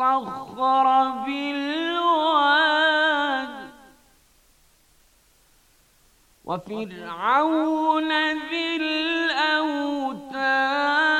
في بالواد وفرعون ذي الأوتاد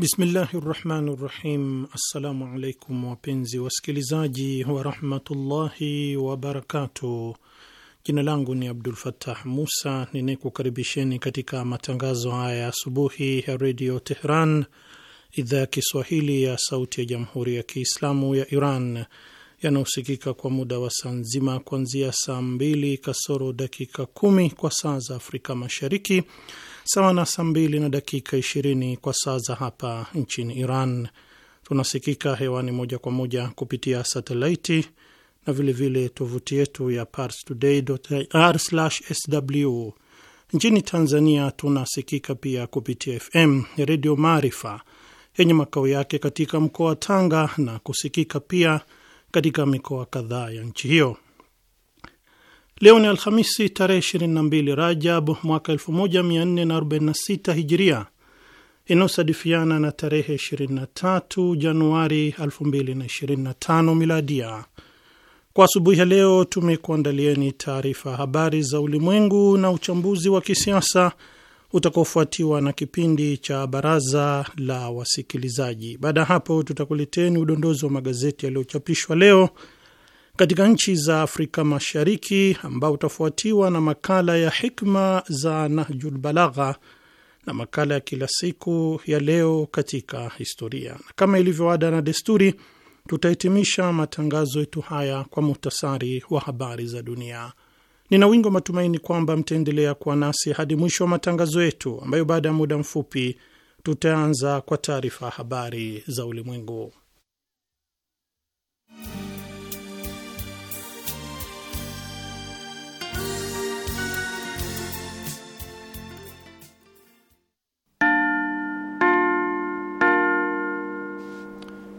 Bismillahi rahmani rahim. Assalamu alaikum wapenzi wasikilizaji warahmatullahi wabarakatuh. Jina langu ni Abdul Fattah Musa ninayekukaribisheni katika matangazo haya ya asubuhi ya Redio Tehran, idhaa ya Kiswahili ya sauti ya Jamhuri ya Kiislamu ya Iran, yanayosikika kwa muda wa saa nzima kuanzia saa mbili kasoro dakika kumi kwa saa za Afrika Mashariki, sawa na saa mbili na dakika ishirini kwa saa za hapa nchini Iran. Tunasikika hewani moja kwa moja kupitia satelaiti na vilevile tovuti yetu ya parstoday.ir/sw. Nchini Tanzania tunasikika pia kupitia FM Redio Maarifa yenye makao yake katika mkoa wa Tanga na kusikika pia katika mikoa kadhaa ya nchi hiyo. Leo ni Alhamisi tarehe 22 Rajab mwaka 1446 Hijiria, inayosadifiana na tarehe 23 Januari 2025 Miladia. Kwa asubuhi ya leo tumekuandalieni taarifa habari za ulimwengu na uchambuzi wa kisiasa utakaofuatiwa na kipindi cha baraza la wasikilizaji. Baada ya hapo, tutakuleteni udondozi wa magazeti yaliyochapishwa leo katika nchi za Afrika Mashariki, ambao utafuatiwa na makala ya hikma za Nahjul Balagha na makala ya kila siku ya leo katika historia, na kama ilivyo ada na desturi, tutahitimisha matangazo yetu haya kwa muhtasari wa habari za dunia. Nina wingo matumaini kwamba mtaendelea kuwa nasi hadi mwisho wa matangazo yetu, ambayo baada ya muda mfupi tutaanza kwa taarifa habari za ulimwengu.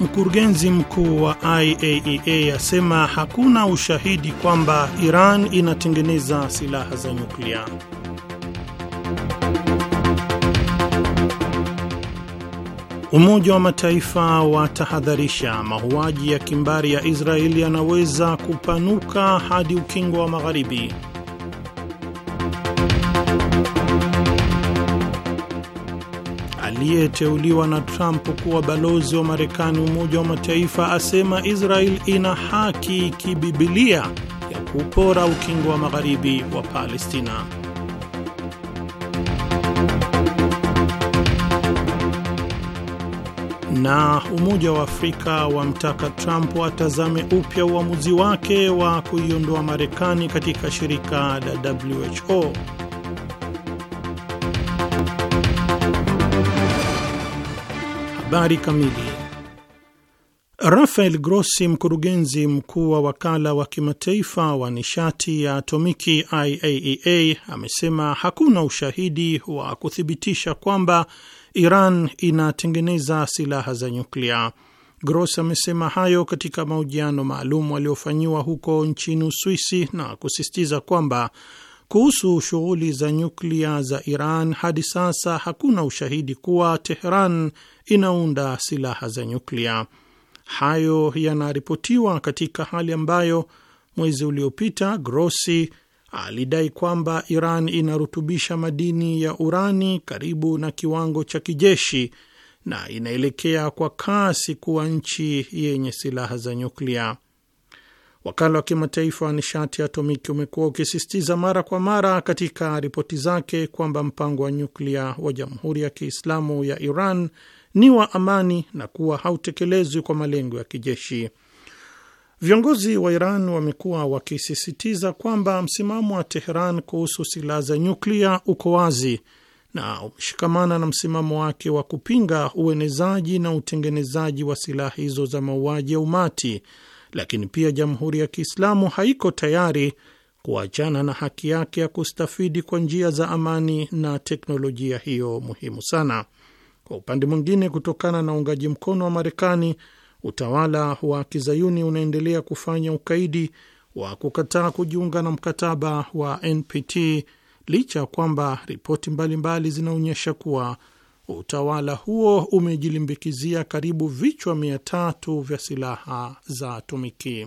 Mkurugenzi mkuu wa IAEA e asema hakuna ushahidi kwamba Iran inatengeneza silaha za nyuklia. Umoja wa Mataifa watahadharisha mauaji ya kimbari ya Israeli yanaweza kupanuka hadi ukingo wa Magharibi. aliyeteuliwa na Trump kuwa balozi wa Marekani Umoja wa Mataifa asema Israel ina haki kibibilia ya kupora ukingo wa magharibi wa Palestina. na Umoja wa Afrika wamtaka Trump atazame upya uamuzi wake wa kuiondoa Marekani katika shirika la WHO. Habari kamili. Rafael Grossi, mkurugenzi mkuu wa wakala wa kimataifa wa nishati ya atomiki IAEA, e amesema hakuna ushahidi wa kuthibitisha kwamba Iran inatengeneza silaha za nyuklia. Gross amesema hayo katika mahojiano maalum aliyofanyiwa huko nchini Uswisi na kusisitiza kwamba kuhusu shughuli za nyuklia za Iran, hadi sasa hakuna ushahidi kuwa Tehran inaunda silaha za nyuklia. Hayo yanaripotiwa katika hali ambayo mwezi uliopita Grossi alidai kwamba Iran inarutubisha madini ya urani karibu na kiwango cha kijeshi na inaelekea kwa kasi kuwa nchi yenye silaha za nyuklia. Wakala wa kimataifa wa nishati ya atomiki umekuwa ukisisitiza mara kwa mara katika ripoti zake kwamba mpango wa nyuklia wa Jamhuri ya Kiislamu ya Iran ni wa amani na kuwa hautekelezwi kwa malengo ya kijeshi. Viongozi wa Iran wamekuwa wakisisitiza kwamba msimamo wa Teheran kuhusu silaha za nyuklia uko wazi na umeshikamana na msimamo wake wa kupinga uenezaji na utengenezaji wa silaha hizo za mauaji ya umati lakini pia Jamhuri ya Kiislamu haiko tayari kuachana na haki yake ya kustafidi kwa njia za amani na teknolojia hiyo muhimu sana. Kwa upande mwingine, kutokana na uungaji mkono wa Marekani, utawala wa kizayuni unaendelea kufanya ukaidi wa kukataa kujiunga na mkataba wa NPT licha ya kwamba ripoti mbalimbali zinaonyesha kuwa utawala huo umejilimbikizia karibu vichwa mia tatu vya silaha za atomiki.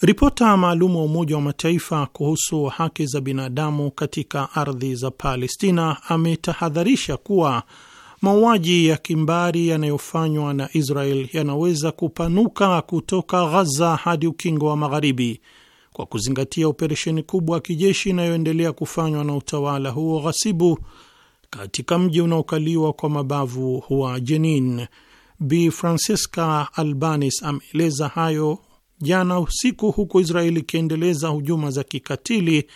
Ripota maalum wa Umoja wa Mataifa kuhusu haki za binadamu katika ardhi za Palestina ametahadharisha kuwa mauaji ya kimbari yanayofanywa na Israel yanaweza kupanuka kutoka Ghaza hadi ukingo wa Magharibi kwa kuzingatia operesheni kubwa ya kijeshi inayoendelea kufanywa na utawala huo ghasibu katika mji unaokaliwa kwa mabavu wa Jenin. Bi Francisca Albanis ameeleza hayo jana usiku, huku Israeli ikiendeleza hujuma za kikatili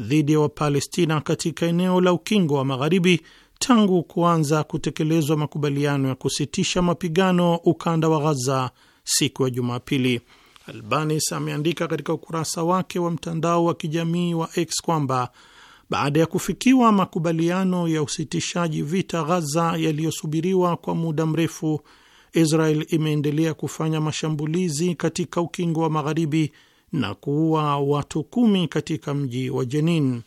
dhidi ya Wapalestina katika eneo la ukingo wa Magharibi tangu kuanza kutekelezwa makubaliano ya kusitisha mapigano ukanda wa Ghaza siku ya Jumapili. Albanis ameandika katika ukurasa wake wa mtandao wa kijamii wa X kwamba baada ya kufikiwa makubaliano ya usitishaji vita Ghaza yaliyosubiriwa kwa muda mrefu, Israel imeendelea kufanya mashambulizi katika ukingo wa magharibi na kuua watu kumi katika mji wa Jenin.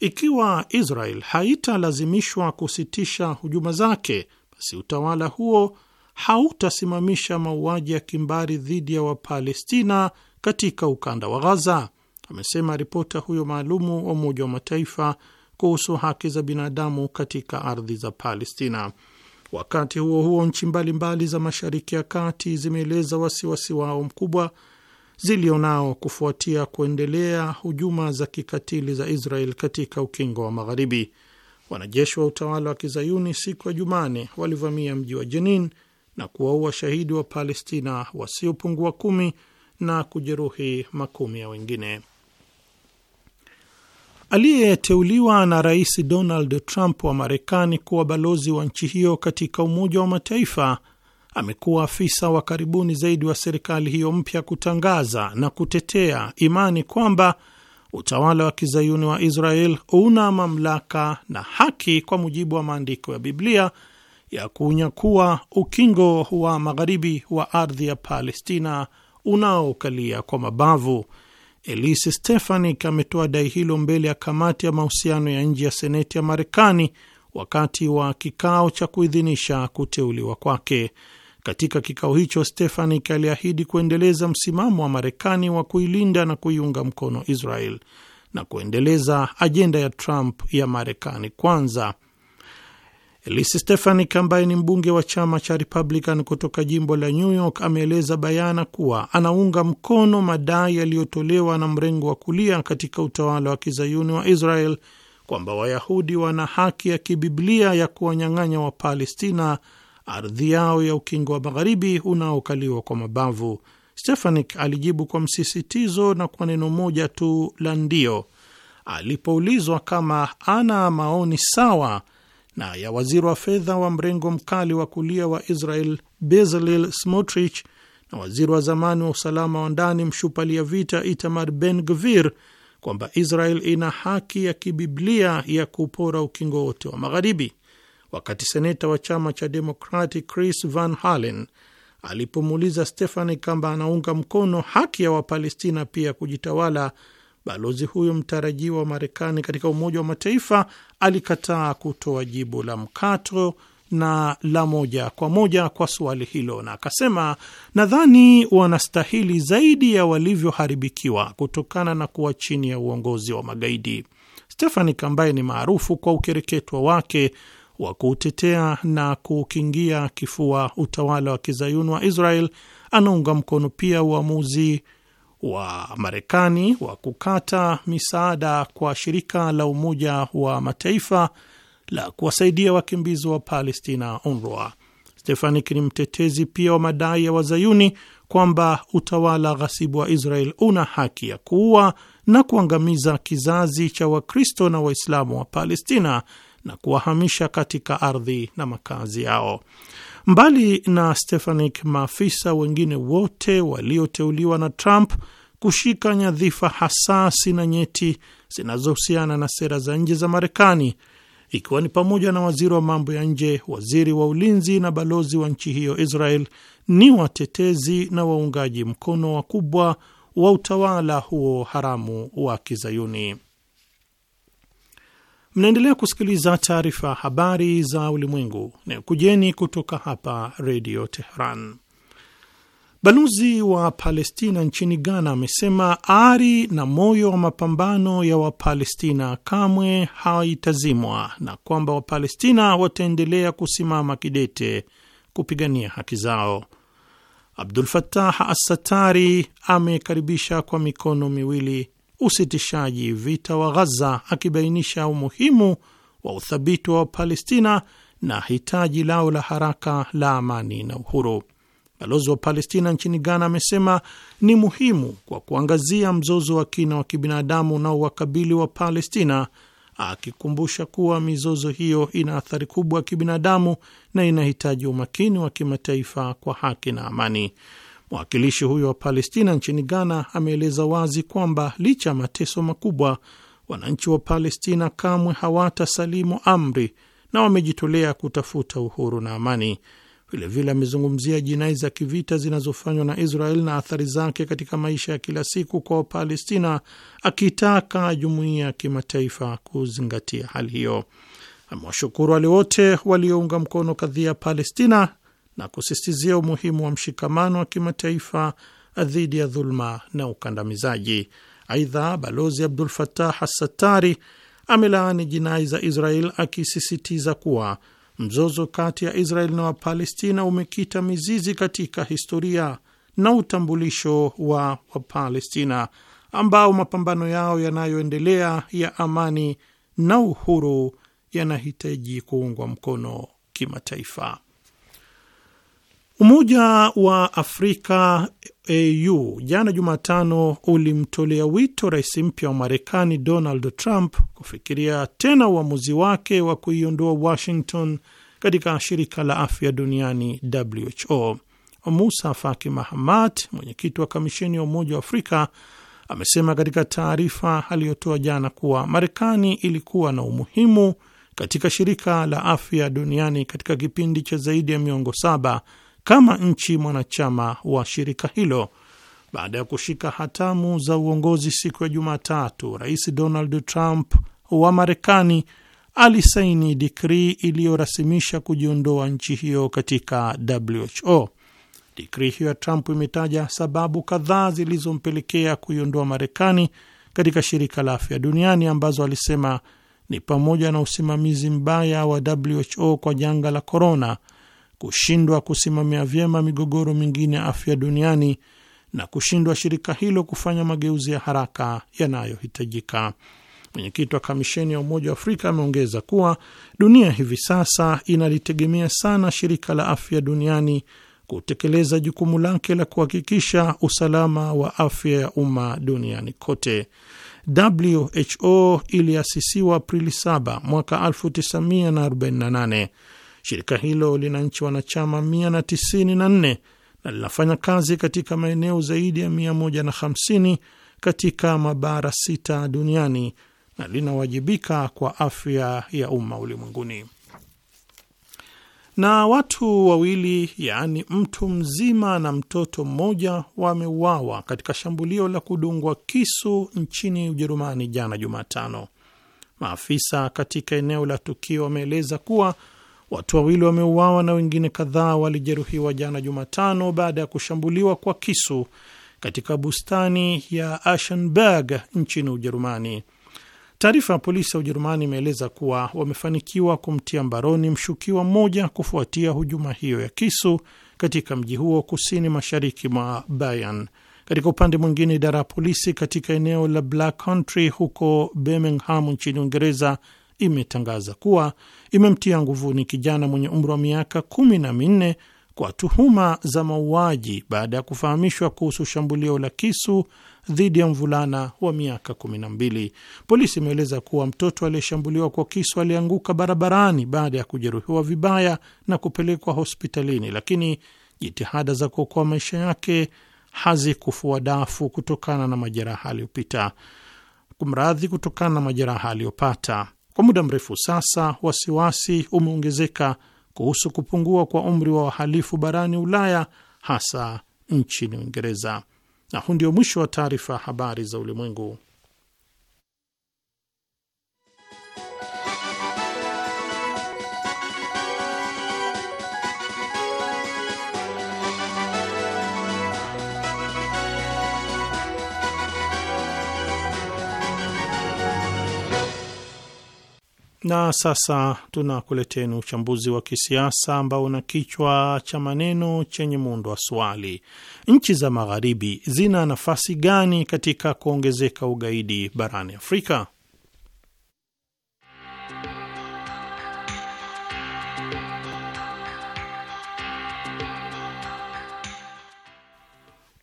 Ikiwa Israel haitalazimishwa kusitisha hujuma zake, basi utawala huo hautasimamisha mauaji ya kimbari dhidi ya Wapalestina katika ukanda wa Ghaza amesema ripota huyo maalumu wa Umoja wa Mataifa kuhusu haki za binadamu katika ardhi za Palestina. Wakati huo huo, nchi mbalimbali za Mashariki ya Kati zimeeleza wasiwasi wao mkubwa zilionao kufuatia kuendelea hujuma za kikatili za Israel katika ukingo wa Magharibi. Wanajeshi wa utawala wa kizayuni siku ya Jumane walivamia mji wa Jenin na kuwaua shahidi wa Palestina wasiopungua kumi na kujeruhi makumi ya wengine aliyeteuliwa na Rais Donald Trump wa Marekani kuwa balozi wa nchi hiyo katika Umoja wa Mataifa amekuwa afisa wa karibuni zaidi wa serikali hiyo mpya kutangaza na kutetea imani kwamba utawala wa kizayuni wa Israel una mamlaka na haki kwa mujibu wa maandiko ya Biblia ya kunyakua ukingo wa magharibi wa ardhi ya Palestina unaokalia kwa mabavu. Elise Stefanik ametoa dai hilo mbele ya kamati ya mahusiano ya nje ya seneti ya Marekani wakati wa kikao cha kuidhinisha kuteuliwa kwake. Katika kikao hicho, Stefanik aliahidi kuendeleza msimamo wa Marekani wa kuilinda na kuiunga mkono Israel na kuendeleza ajenda ya Trump ya Marekani kwanza Elise Stefanik ambaye ni mbunge wa chama cha Republican kutoka jimbo la New York ameeleza bayana kuwa anaunga mkono madai yaliyotolewa na mrengo wa kulia katika utawala wa kizayuni wa Israel kwamba Wayahudi wana haki ya kibiblia ya kuwanyang'anya Wapalestina ardhi yao ya ukingo wa magharibi unaokaliwa kwa mabavu. Stefanik alijibu kwa msisitizo na kwa neno moja tu la ndio alipoulizwa kama ana maoni sawa na ya waziri wa fedha wa mrengo mkali wa kulia wa Israel Bezalel Smotrich na waziri wa zamani wa usalama wa ndani mshupalia vita Itamar Ben Gvir kwamba Israel ina haki ya kibiblia ya kupora ukingo wote wa Magharibi, wakati seneta wa chama cha Demokrati Chris Van Halen alipomuuliza Stefani kwamba anaunga mkono haki ya Wapalestina pia kujitawala Balozi huyo mtarajiwa wa Marekani katika Umoja wa Mataifa alikataa kutoa jibu la mkato na la moja kwa moja kwa suali hilo, na akasema, nadhani wanastahili zaidi ya walivyoharibikiwa kutokana na kuwa chini ya uongozi wa magaidi. Stefanik ambaye ni maarufu kwa ukereketwa wake wa kuutetea na kuukingia kifua utawala wa kizayuni wa Israel anaunga mkono pia uamuzi wa Marekani wa kukata misaada kwa shirika la Umoja wa Mataifa la kuwasaidia wakimbizi wa Palestina, UNRWA. Stefanik ni mtetezi pia wa madai ya wazayuni kwamba utawala ghasibu wa Israel una haki ya kuua na kuangamiza kizazi cha Wakristo na Waislamu wa Palestina na kuwahamisha katika ardhi na makazi yao. Mbali na Stefanik, maafisa wengine wote walioteuliwa na Trump kushika nyadhifa hasasi na nyeti zinazohusiana na sera za nje za Marekani, ikiwa ni pamoja na waziri wa mambo ya nje, waziri wa ulinzi na balozi wa nchi hiyo Israel, ni watetezi na waungaji mkono wakubwa wa utawala huo haramu wa Kizayuni. Mnaendelea kusikiliza taarifa ya habari za ulimwengu na kujeni kutoka hapa redio Tehran. Balozi wa Palestina nchini Ghana amesema ari na moyo wa mapambano ya Wapalestina kamwe haitazimwa na kwamba Wapalestina wataendelea kusimama kidete kupigania haki zao. Abdul fatah Assatari amekaribisha kwa mikono miwili usitishaji vita wa Ghaza, akibainisha umuhimu wa uthabiti wa Palestina na hitaji lao la haraka la amani na uhuru. Balozi wa Palestina nchini Ghana amesema ni muhimu kwa kuangazia mzozo wa kina wa kibinadamu na uwakabili wa Palestina, akikumbusha kuwa mizozo hiyo ina athari kubwa ya kibinadamu na inahitaji umakini wa kimataifa kwa haki na amani. Mwakilishi huyo wa Palestina nchini Ghana ameeleza wazi kwamba licha ya mateso makubwa, wananchi wa Palestina kamwe hawatasalimu amri na wamejitolea kutafuta uhuru na amani. Vilevile amezungumzia jinai za kivita zinazofanywa na Israel na athari zake katika maisha ya kila siku kwa Wapalestina, akitaka jumuiya ya kimataifa kuzingatia hali hiyo. Amewashukuru wale wote waliounga mkono kadhia Palestina na kusistizia umuhimu wa mshikamano wa kimataifa dhidi ya dhuluma na ukandamizaji. Aidha, Balozi Abdul Fatah Assatari amelaani jinai za Israel akisisitiza kuwa mzozo kati ya Israel na Wapalestina umekita mizizi katika historia na utambulisho wa Wapalestina ambao mapambano yao yanayoendelea ya amani na uhuru yanahitaji kuungwa mkono kimataifa. Umoja wa Afrika AU jana Jumatano ulimtolea wito rais mpya wa Marekani Donald Trump kufikiria tena uamuzi wake wa kuiondoa Washington katika shirika la afya duniani WHO. Musa Faki Mahamat, mwenyekiti wa kamisheni ya Umoja wa Afrika, amesema katika taarifa aliyotoa jana kuwa Marekani ilikuwa na umuhimu katika shirika la afya duniani katika kipindi cha zaidi ya miongo saba kama nchi mwanachama wa shirika hilo. Baada ya kushika hatamu za uongozi siku ya Jumatatu, Rais Donald Trump wa Marekani alisaini dikrii iliyorasimisha kujiondoa nchi hiyo katika WHO. Dikrii hiyo ya Trump imetaja sababu kadhaa zilizompelekea kuiondoa Marekani katika shirika la afya duniani ambazo alisema ni pamoja na usimamizi mbaya wa WHO kwa janga la korona kushindwa kusimamia vyema migogoro mingine ya afya duniani na kushindwa shirika hilo kufanya mageuzi ya haraka yanayohitajika. Mwenyekiti wa kamisheni ya Umoja wa Afrika ameongeza kuwa dunia hivi sasa inalitegemea sana shirika la afya duniani kutekeleza jukumu lake la kuhakikisha usalama wa afya ya umma duniani kote. WHO iliasisiwa Aprili 7 mwaka 1948 Shirika hilo lina nchi wanachama 194 na linafanya kazi katika maeneo zaidi ya 150 katika mabara sita duniani na linawajibika kwa afya ya umma ulimwenguni. Na watu wawili, yaani mtu mzima na mtoto mmoja, wameuawa katika shambulio la kudungwa kisu nchini Ujerumani jana Jumatano. Maafisa katika eneo la tukio wameeleza kuwa Watu wawili wameuawa na wengine kadhaa walijeruhiwa jana Jumatano baada ya kushambuliwa kwa kisu katika bustani ya Ashenberg nchini Ujerumani. Taarifa ya polisi ya Ujerumani imeeleza kuwa wamefanikiwa kumtia mbaroni mshukiwa mmoja kufuatia hujuma hiyo ya kisu katika mji huo kusini mashariki mwa Bayern. Katika upande mwingine, idara ya polisi katika eneo la Black Country huko Birmingham nchini Uingereza imetangaza kuwa imemtia nguvuni kijana mwenye umri wa miaka kumi na minne kwa tuhuma za mauaji baada ya kufahamishwa kuhusu shambulio la kisu dhidi ya mvulana wa miaka kumi na mbili Polisi imeeleza kuwa mtoto aliyeshambuliwa kwa kisu alianguka barabarani baada ya kujeruhiwa vibaya na kupelekwa hospitalini, lakini jitihada za kuokoa maisha yake hazikufua dafu kutokana na majeraha aliyopata. Kwa muda mrefu sasa, wasiwasi umeongezeka kuhusu kupungua kwa umri wa wahalifu barani Ulaya, hasa nchini Uingereza. Na huu ndio mwisho wa taarifa habari za ulimwengu. Na sasa tunakuleteni uchambuzi wa kisiasa ambao una kichwa cha maneno chenye muundo wa swali: nchi za magharibi zina nafasi gani katika kuongezeka ugaidi barani Afrika?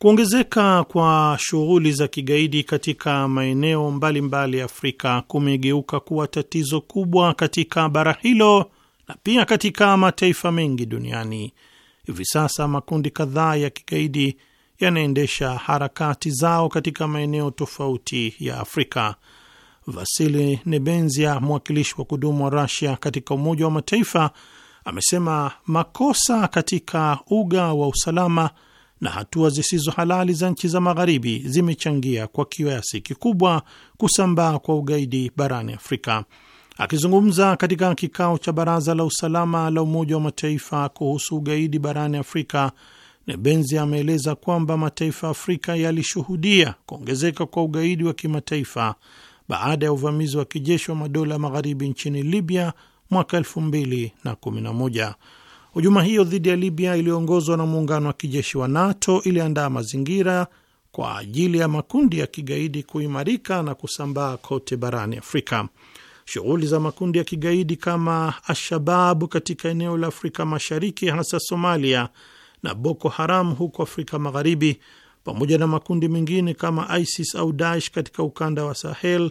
Kuongezeka kwa shughuli za kigaidi katika maeneo mbalimbali ya Afrika kumegeuka kuwa tatizo kubwa katika bara hilo na pia katika mataifa mengi duniani. Hivi sasa makundi kadhaa ya kigaidi yanaendesha harakati zao katika maeneo tofauti ya Afrika. Vasili Nebenzia, mwakilishi wa kudumu wa Rusia katika Umoja wa Mataifa, amesema makosa katika uga wa usalama na hatua zisizo halali za nchi za Magharibi zimechangia kwa kiasi kikubwa kusambaa kwa ugaidi barani Afrika. Akizungumza katika kikao cha Baraza la Usalama la Umoja wa Mataifa kuhusu ugaidi barani Afrika, Nebenzi ameeleza kwamba mataifa ya Afrika yalishuhudia kuongezeka kwa ugaidi wa kimataifa baada ya uvamizi wa kijeshi wa madola magharibi nchini Libya mwaka 2011. Hujuma hiyo dhidi ya Libya iliyoongozwa na muungano wa kijeshi wa NATO iliandaa mazingira kwa ajili ya makundi ya kigaidi kuimarika na kusambaa kote barani Afrika. Shughuli za makundi ya kigaidi kama al katika eneo la Afrika Mashariki, hasa Somalia, na Boko Haram huko Afrika Magharibi, pamoja na makundi mengine kama ISIS au Daesh katika ukanda wa Sahel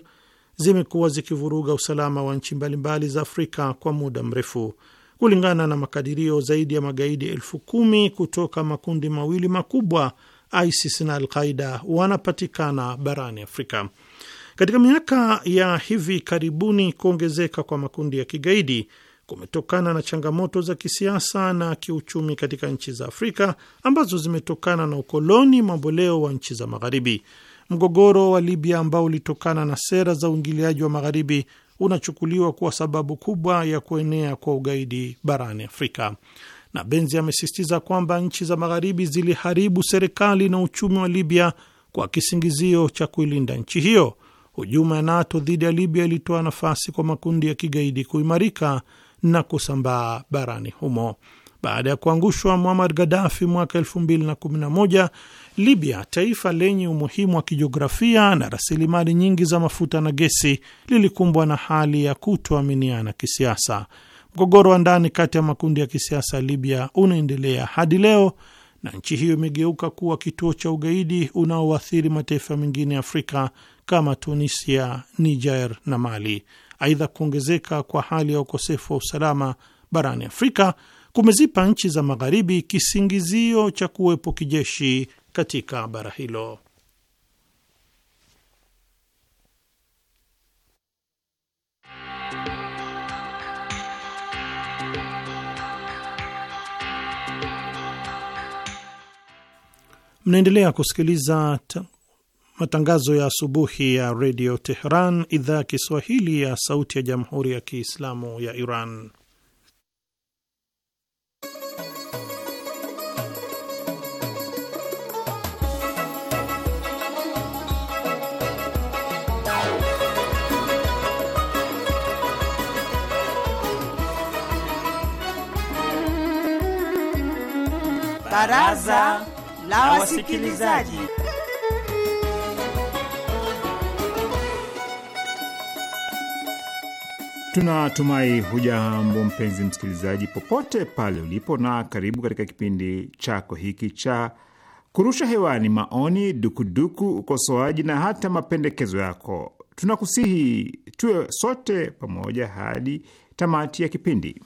zimekuwa zikivuruga usalama wa nchi mbalimbali za Afrika kwa muda mrefu. Kulingana na makadirio, zaidi ya magaidi elfu kumi kutoka makundi mawili makubwa ISIS na Alqaida wanapatikana barani Afrika. Katika miaka ya hivi karibuni, kuongezeka kwa makundi ya kigaidi kumetokana na changamoto za kisiasa na kiuchumi katika nchi za Afrika ambazo zimetokana na ukoloni mamboleo wa nchi za Magharibi. Mgogoro wa Libya ambao ulitokana na sera za uingiliaji wa Magharibi unachukuliwa kuwa sababu kubwa ya kuenea kwa ugaidi barani Afrika. Na Benzi amesisitiza kwamba nchi za Magharibi ziliharibu serikali na uchumi wa Libya kwa kisingizio cha kuilinda nchi hiyo. Hujuma ya NATO dhidi ya Libya ilitoa nafasi kwa makundi ya kigaidi kuimarika na kusambaa barani humo. Baada ya kuangushwa Muammar Gaddafi mwaka 2011, Libya, taifa lenye umuhimu wa kijiografia na rasilimali nyingi za mafuta na gesi, lilikumbwa na hali ya kutoaminiana kisiasa. Mgogoro wa ndani kati ya makundi ya kisiasa ya Libya unaendelea hadi leo na nchi hiyo imegeuka kuwa kituo cha ugaidi unaoathiri mataifa mengine ya Afrika kama Tunisia, Niger na Mali. Aidha, kuongezeka kwa hali ya ukosefu wa usalama barani Afrika kumezipa nchi za magharibi kisingizio cha kuwepo kijeshi katika bara hilo. Mnaendelea kusikiliza matangazo ya asubuhi ya redio Tehran, idhaa ya Kiswahili ya sauti ya jamhuri ya Kiislamu ya Iran. Baraza la Wasikilizaji. Tunatumai hujambo mpenzi msikilizaji, popote pale ulipo, na karibu katika kipindi chako hiki cha kurusha hewani maoni, dukuduku, ukosoaji na hata mapendekezo yako. Tunakusihi tuwe sote pamoja hadi tamati ya kipindi.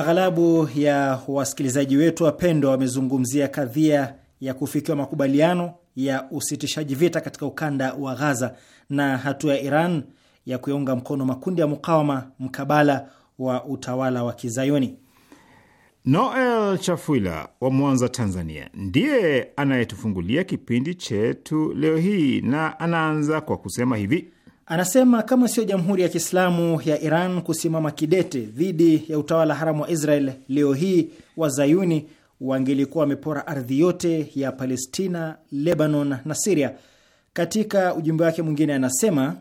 Aghalabu ya wasikilizaji wetu wapendwa wamezungumzia kadhia ya kufikiwa makubaliano ya usitishaji vita katika ukanda wa Ghaza na hatua ya Iran ya kuyaunga mkono makundi ya mukawama mkabala wa utawala wa Kizayuni. Noel Chafuila wa Mwanza, Tanzania, ndiye anayetufungulia kipindi chetu leo hii na anaanza kwa kusema hivi: Anasema kama siyo Jamhuri ya Kiislamu ya Iran kusimama kidete dhidi ya utawala haramu wa Israel, leo hii wazayuni wangelikuwa wamepora ardhi yote ya Palestina, Lebanon na Siria. Katika ujumbe wake mwingine anasema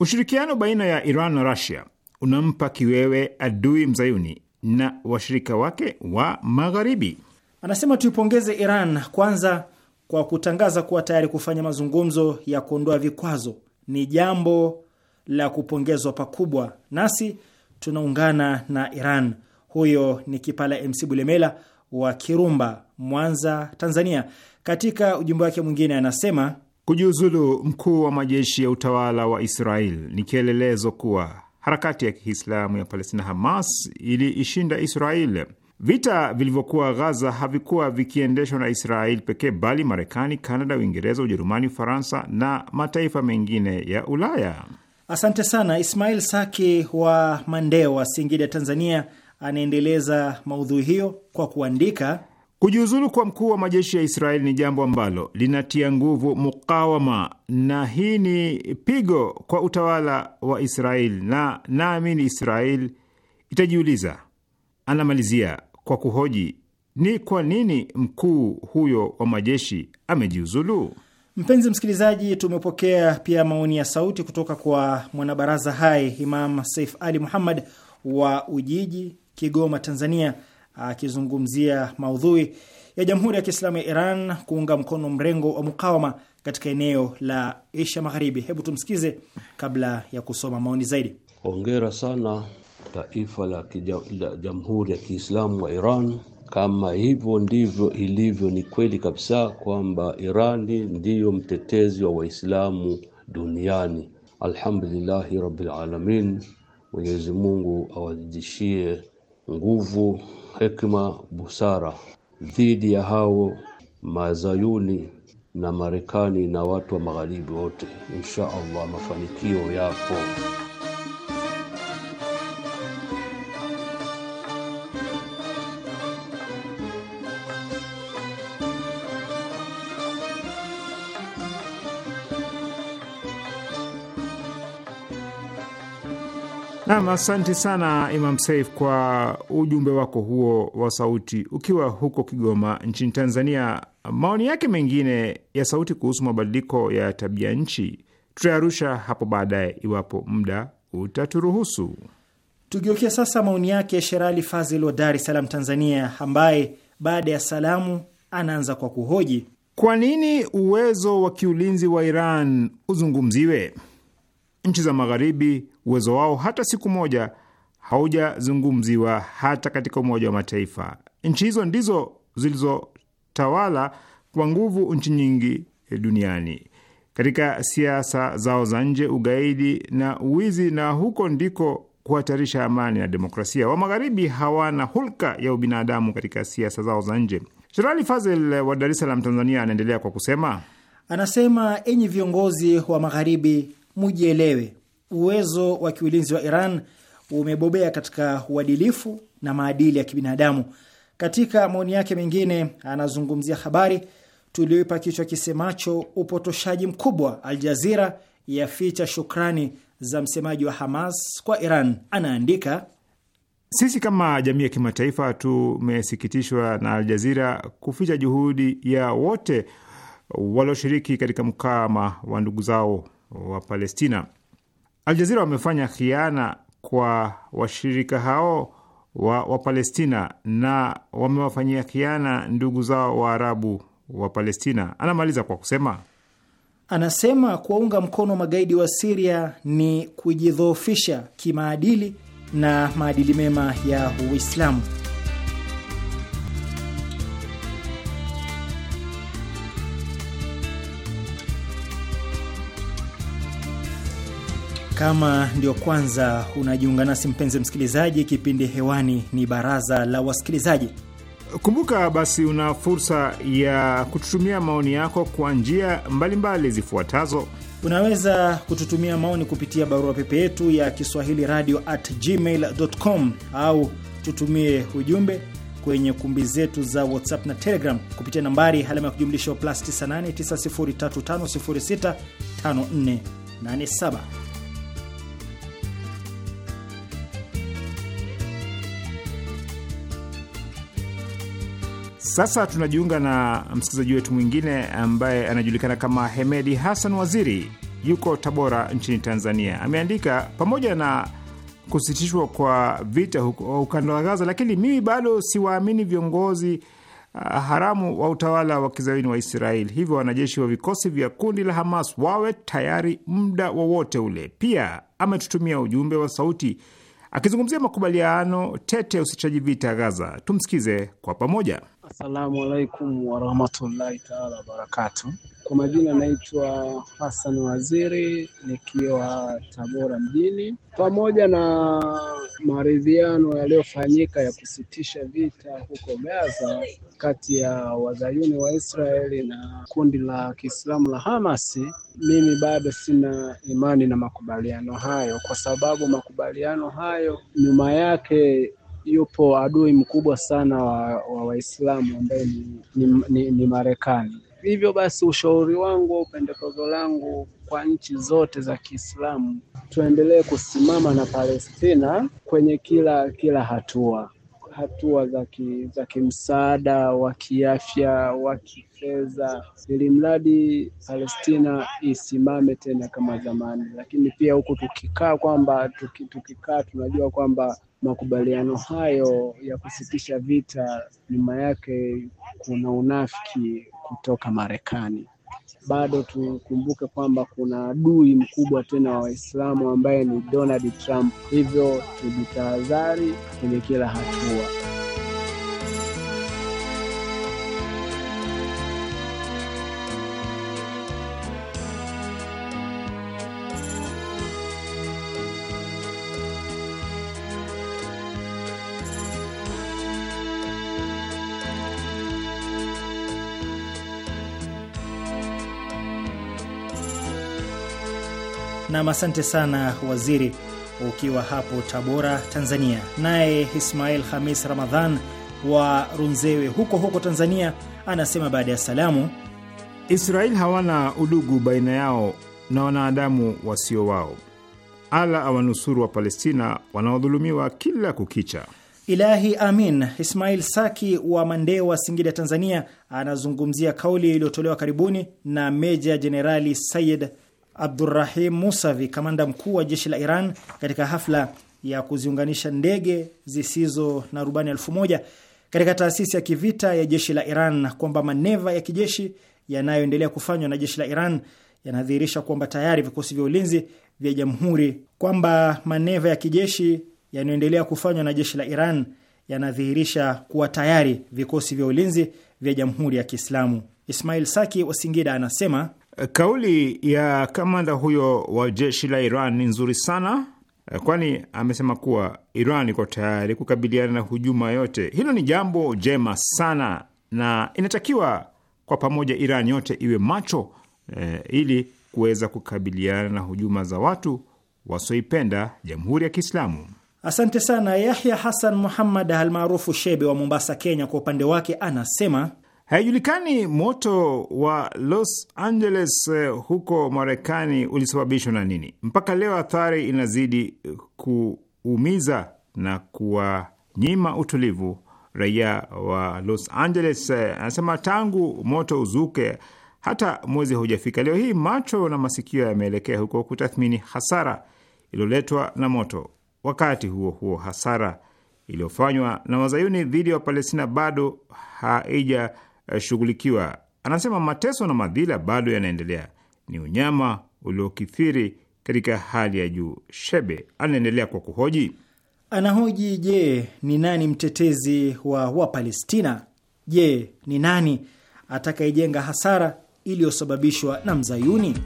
ushirikiano baina ya Iran na Rusia unampa kiwewe adui mzayuni na washirika wake wa Magharibi. Anasema tuipongeze Iran kwanza kwa kutangaza kuwa tayari kufanya mazungumzo ya kuondoa vikwazo ni jambo la kupongezwa pakubwa, nasi tunaungana na Iran. Huyo ni Kipala MC Bulemela wa Kirumba, Mwanza, Tanzania. Katika ujumbe wake mwingine anasema kujiuzulu mkuu wa majeshi ya utawala wa Israel ni kielelezo kuwa harakati ya Kiislamu ya Palestina, Hamas, iliishinda Israel Vita vilivyokuwa Ghaza havikuwa vikiendeshwa na Israeli pekee, bali Marekani, Kanada, Uingereza, Ujerumani, Ufaransa na mataifa mengine ya Ulaya. Asante sana Ismail Saki wa Mandewa, Singida, Tanzania, anaendeleza maudhui hiyo kwa kuandika Kujiuzulu kwa mkuu wa majeshi ya Israeli ni jambo ambalo linatia nguvu mukawama, na hii ni pigo kwa utawala wa Israeli, na naamini Israeli itajiuliza. Anamalizia, kwa kuhoji ni kwa nini mkuu huyo wa majeshi amejiuzulu. Mpenzi msikilizaji, tumepokea pia maoni ya sauti kutoka kwa mwanabaraza hai Imam Saif Ali Muhammad wa Ujiji, Kigoma, Tanzania, akizungumzia maudhui ya Jamhuri ya Kiislamu ya Iran kuunga mkono mrengo wa mukawama katika eneo la Asia Magharibi. Hebu tumsikize kabla ya kusoma maoni zaidi. Hongera sana taifa la Jamhuri ya Kiislamu wa Iran. Kama hivyo ndivyo ilivyo, ni kweli kabisa kwamba Irani ndiyo mtetezi wa Waislamu duniani. Alhamdulillahi rabbil alamin. Mwenyezi Mungu awazidishie nguvu, hekima, busara dhidi ya hao mazayuni na Marekani na watu wa magharibi wote, insha Allah mafanikio yapo. Nam, asante sana Imam Saif kwa ujumbe wako huo wa sauti ukiwa huko Kigoma nchini Tanzania. Maoni yake mengine ya sauti kuhusu mabadiliko ya tabia nchi tutayarusha hapo baadaye iwapo muda utaturuhusu. Tugeukia sasa maoni yake Sherali Fazil wa Dar es Salaam, Tanzania, ambaye baada ya salamu anaanza kwa kuhoji kwa nini uwezo wa kiulinzi wa Iran uzungumziwe nchi za Magharibi uwezo wao hata siku moja haujazungumziwa hata katika Umoja wa Mataifa. Nchi hizo ndizo zilizotawala kwa nguvu nchi nyingi e, duniani katika siasa zao za nje, ugaidi na uwizi, na huko ndiko kuhatarisha amani na demokrasia. Wa Magharibi hawana hulka ya ubinadamu katika siasa zao za nje. Sherali Fazel wa Dar es Salaam, Tanzania, anaendelea kwa kusema, anasema enyi viongozi wa Magharibi, mujielewe. Uwezo wa kiulinzi wa Iran umebobea katika uadilifu na maadili ya kibinadamu. Katika maoni yake mengine, anazungumzia habari tulioipa kichwa kisemacho upotoshaji mkubwa, Al ya yaficha shukrani za msemaji wa Hamas kwa Iran. Anaandika, sisi kama jamii ya kimataifa tumesikitishwa na Al kuficha juhudi ya wote walioshiriki katika mkama wa ndugu zao wa Palestina. Aljazira wamefanya khiana kwa washirika hao wa Wapalestina na wamewafanyia khiana ndugu zao Waarabu wa Palestina. Anamaliza kwa kusema anasema kuwaunga mkono magaidi wa Siria ni kujidhoofisha kimaadili na maadili mema ya Uislamu. Kama ndio kwanza unajiunga nasi, mpenzi msikilizaji, kipindi hewani ni baraza la wasikilizaji. Kumbuka basi, una fursa ya kututumia maoni yako kwa njia mbalimbali zifuatazo. Unaweza kututumia maoni kupitia barua pepe yetu ya Kiswahili radio at gmail com, au tutumie ujumbe kwenye kumbi zetu za WhatsApp na Telegram kupitia nambari alama ya kujumlisha plus 98 9035065487. Sasa tunajiunga na msikilizaji wetu mwingine ambaye anajulikana kama Hemedi Hassan Waziri, yuko Tabora nchini Tanzania. Ameandika, pamoja na kusitishwa kwa vita huko ukanda wa Gaza, lakini mimi bado siwaamini viongozi uh, haramu wa utawala wa kizayuni wa Israeli. Hivyo wanajeshi wa vikosi vya kundi la Hamas wawe tayari muda wowote ule. Pia ametutumia ujumbe wa sauti akizungumzia makubaliano tete ya usitishaji vita Gaza. Tumsikize kwa pamoja. Assalamu alaikum warahmatullahi taala wabarakatu. Kwa majina naitwa Hassan Waziri nikiwa Tabora mjini. Pamoja na maridhiano yaliyofanyika ya kusitisha vita huko Gaza kati ya wazayuni wa Israeli na kundi la Kiislamu la Hamasi, mimi bado sina imani na makubaliano hayo, kwa sababu makubaliano hayo nyuma yake yupo adui mkubwa sana wa Waislamu ambaye ni, ni, ni, ni Marekani. Hivyo basi ushauri wangu au pendekezo langu kwa nchi zote za Kiislamu, tuendelee kusimama na Palestina kwenye kila kila hatua hatua za ki, za kimsaada wa kiafya wa kifedha, ili mradi Palestina isimame tena kama zamani. Lakini pia huku tukikaa kwamba tukikaa tunajua kwamba makubaliano hayo ya kusitisha vita, nyuma yake kuna unafiki kutoka Marekani. Bado tukumbuke kwamba kuna adui mkubwa tena wa Waislamu ambaye ni Donald Trump, hivyo tujitahadhari kwenye kila hatua. Nam, asante sana waziri, ukiwa hapo Tabora, Tanzania. Naye Ismail Hamis Ramadhan wa Runzewe huko huko Tanzania anasema baada ya salamu, israel hawana udugu baina yao na wanadamu wasio wao. Ala awanusuru wa Palestina wanaodhulumiwa kila kukicha. Ilahi amin. Ismail Saki wa Mandewa, Singida, Tanzania, anazungumzia kauli iliyotolewa karibuni na Meja Jenerali Sayid Abdurrahim Musavi, kamanda mkuu wa jeshi la Iran, katika hafla ya kuziunganisha ndege zisizo na rubani elfu moja katika taasisi ya kivita ya jeshi la Iran kwamba maneva ya kijeshi yanayoendelea kufanywa na jeshi la Iran yanadhihirisha kwamba tayari vikosi vya ulinzi vya jamhuri kwamba maneva ya kijeshi yanayoendelea kufanywa na jeshi la Iran yanadhihirisha kuwa tayari vikosi vya ulinzi vya jamhuri ya Kiislamu. Ismail Saki wa Singida anasema Kauli ya kamanda huyo wa jeshi la Iran ni nzuri sana, eh, kwani amesema kuwa Iran iko tayari kukabiliana na hujuma yote. Hilo ni jambo jema sana, na inatakiwa kwa pamoja Iran yote iwe macho eh, ili kuweza kukabiliana na hujuma za watu wasioipenda Jamhuri ya Kiislamu. Asante sana Yahya Hasan Muhammad almaarufu Shebe wa Mombasa, Kenya, kwa upande wake anasema Haijulikani moto wa Los Angeles eh, huko Marekani ulisababishwa na nini. Mpaka leo athari inazidi eh, kuumiza na kuwanyima utulivu raia wa Los Angeles. Eh, anasema tangu moto uzuke hata mwezi haujafika, leo hii macho na masikio yameelekea huko kutathmini hasara iliyoletwa na moto. Wakati huo huo, hasara iliyofanywa na wazayuni dhidi ya Wapalestina bado haija kushughulikiwa. Eh, Anasema mateso na madhila bado yanaendelea, ni unyama uliokithiri katika hali ya juu. Shebe anaendelea kwa kuhoji, anahoji: je, ni nani mtetezi wa Wapalestina? Je, ni nani atakayejenga hasara iliyosababishwa na mzayuni?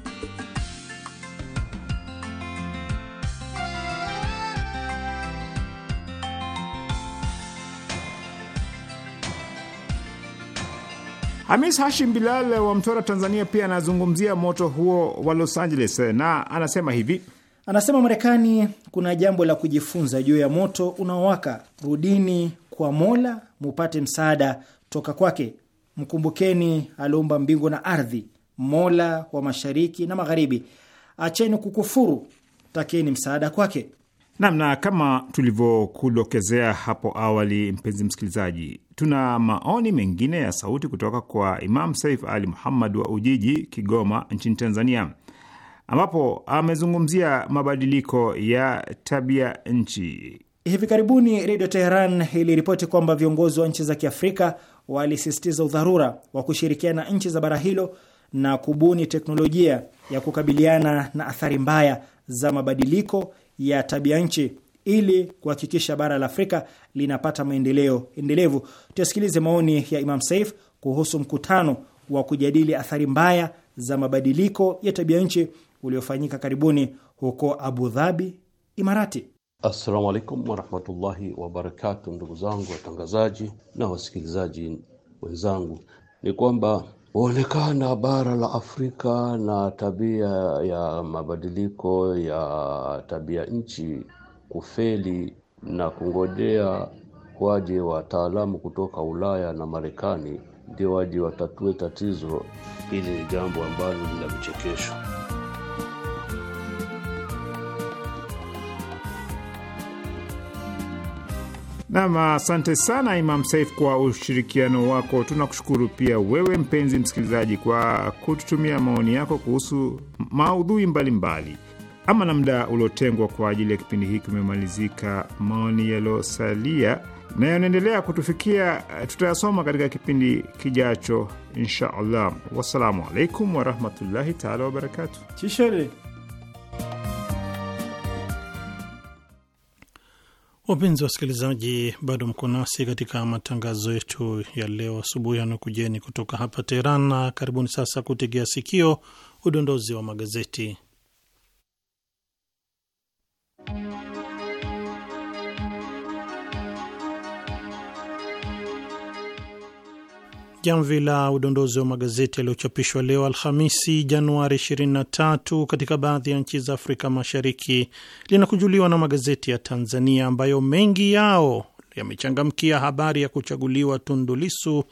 Hamis Hashim Bilal wa Mtwara, Tanzania, pia anazungumzia moto huo wa Los Angeles na anasema hivi. Anasema Marekani kuna jambo la kujifunza juu ya moto unaowaka. Rudini kwa Mola mupate msaada toka kwake. Mkumbukeni aliumba mbingu na ardhi, Mola wa mashariki na magharibi. Acheni kukufuru, takeni msaada kwake. Namna kama tulivyokudokezea hapo awali, mpenzi msikilizaji Tuna maoni mengine ya sauti kutoka kwa Imam Saif Ali Muhammad wa Ujiji, Kigoma nchini Tanzania, ambapo amezungumzia mabadiliko ya tabia nchi. Hivi karibuni Redio Teheran iliripoti kwamba viongozi wa nchi za Kiafrika walisisitiza udharura wa kushirikiana nchi za bara hilo na kubuni teknolojia ya kukabiliana na athari mbaya za mabadiliko ya tabia nchi ili kuhakikisha bara la Afrika linapata maendeleo endelevu. Tuyasikilize maoni ya Imam Saif kuhusu mkutano wa kujadili athari mbaya za mabadiliko ya tabia nchi uliofanyika karibuni huko Abu Dhabi, Imarati. Assalamu alaikum warahmatullahi wabarakatu, ndugu zangu watangazaji na wasikilizaji wenzangu, ni kwamba huonekana bara la Afrika na tabia ya mabadiliko ya tabia nchi kufeli na kungojea waje wataalamu kutoka Ulaya na Marekani ndio waje watatue tatizo. Hili ni jambo ambalo ni vichekesho. Nam, asante sana Imam Saif kwa ushirikiano wako. Tunakushukuru pia wewe mpenzi msikilizaji kwa kututumia maoni yako kuhusu maudhui mbalimbali mbali. Ama na muda uliotengwa kwa ajili ya kipindi hiki umemalizika. Maoni yaliosalia nayo yanaendelea kutufikia, eh, tutayasoma katika kipindi kijacho insha allah. Wassalamu alaikum warahmatullahi taala wabarakatu. Chisheri Wapenzi wasikilizaji, bado mko nasi katika matangazo yetu ya leo asubuhi yanakujeni kutoka hapa Teheran, na karibuni sasa kutegea sikio udondozi wa magazeti. Jamvi la udondozi wa magazeti yaliyochapishwa leo Alhamisi, Januari 23 katika baadhi ya nchi za Afrika Mashariki linakujuliwa na magazeti ya Tanzania ambayo mengi yao yamechangamkia habari ya kuchaguliwa Tundu Lissu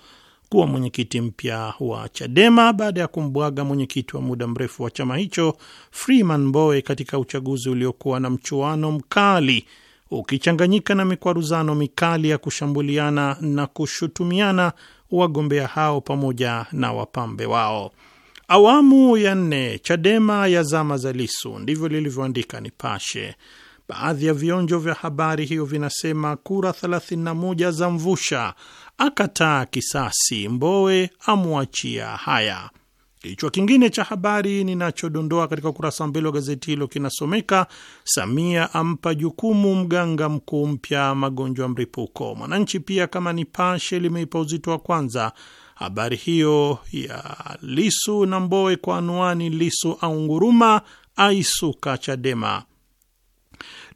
kuwa mwenyekiti mpya wa Chadema baada ya kumbwaga mwenyekiti wa muda mrefu wa chama hicho Freeman Mbowe katika uchaguzi uliokuwa na mchuano mkali ukichanganyika na mikwaruzano mikali ya kushambuliana na kushutumiana wagombea hao pamoja na wapambe wao. Awamu ya nne Chadema ya zama za Lisu, ndivyo lilivyoandika Nipashe. Baadhi ya vionjo vya habari hiyo vinasema kura 31 za mvusha, akataa kisasi, Mbowe amwachia haya. Kichwa kingine cha habari ninachodondoa katika ukurasa wa mbele wa gazeti hilo kinasomeka Samia ampa jukumu mganga mkuu mpya magonjwa ya Mwananchi pia kama Nipashe limeipa uzito wa kwanza habari hiyo ya Lisu na Mbowe kwa anwani Lisu au nguruma aisuka Chadema.